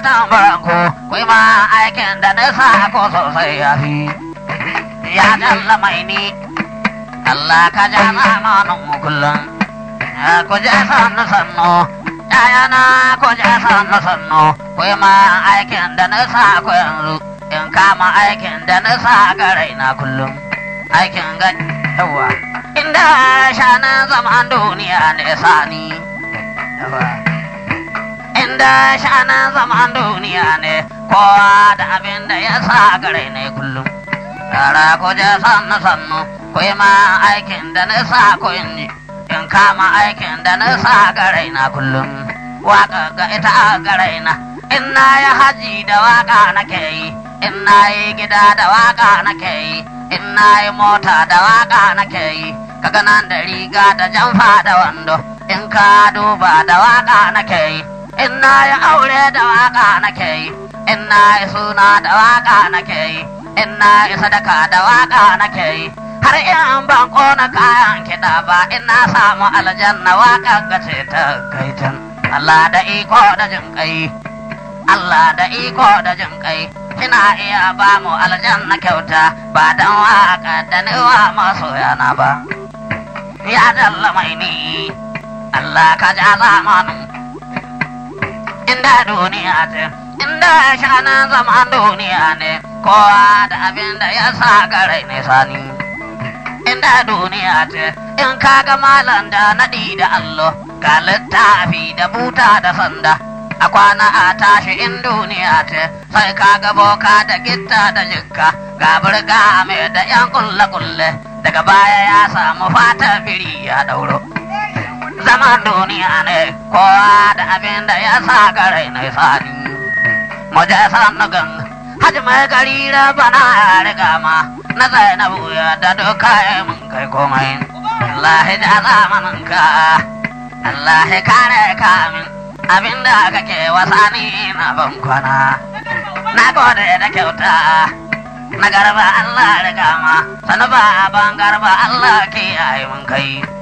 fatan ko kuyi ma aikin da sa ko sosai ya fi ya dalla mai ni Allah ka ja nanu mu kullum ku je sanno sannu na ku je sannu sannu kuyi ma aikin da sa ko yanzu in kama aikin da sa ga raina kullum aikin ga yawa inda shanin zaman duniya ne sani inda sha'anin zaman duniya ne kowa da abin da ya sa gare ne kullum yara ku je sannu sannu ku ma aikin da na sa ku in in kama aikin da na sa gare na kullum waka ga ita gare na in na yi haji da waka na ke yi in yi gida da waka na ke yi in yi mota da waka na ke yi kaga nan da riga da jamfa da wando in ka duba da waka na ke yi in aure da waka nake yi suna da waka nake yi in sadaka da waka nake yi har in ban kona kayan kiɗa ba ina samu samu na waka gace ta gaitan. Allah da iko da jin kai Allah da iko da jin kai kina iya ba mu na kyauta ba don waka da niwa masu yana ba ya dalla mai ni Allah ka ja zamanin inda duniya ce inda shanan zaman duniya ne kowa da abin da ya sa garai inda duniya ce in ka ga malam da naɗi da allo ga littafi da buta da sanda a kwana a tashi in duniya ce sai ka ga boka da gitta da jikka ga burga mai da yan kulle-kulle daga baya ya samu fata biri ya ɗauro zaman duniya ne kowa da abin da ya sa gare na sani mu je sannugan hajji mai gari da bana riga ma na zainabu ya da duka ya mun kai komai Allah ja zamanin ka Allah kare ka min abin da ke wasani na ban kwana na gode da kyauta na garba Allah riga ma sanu ba ban garba Allah ke ayi mun kai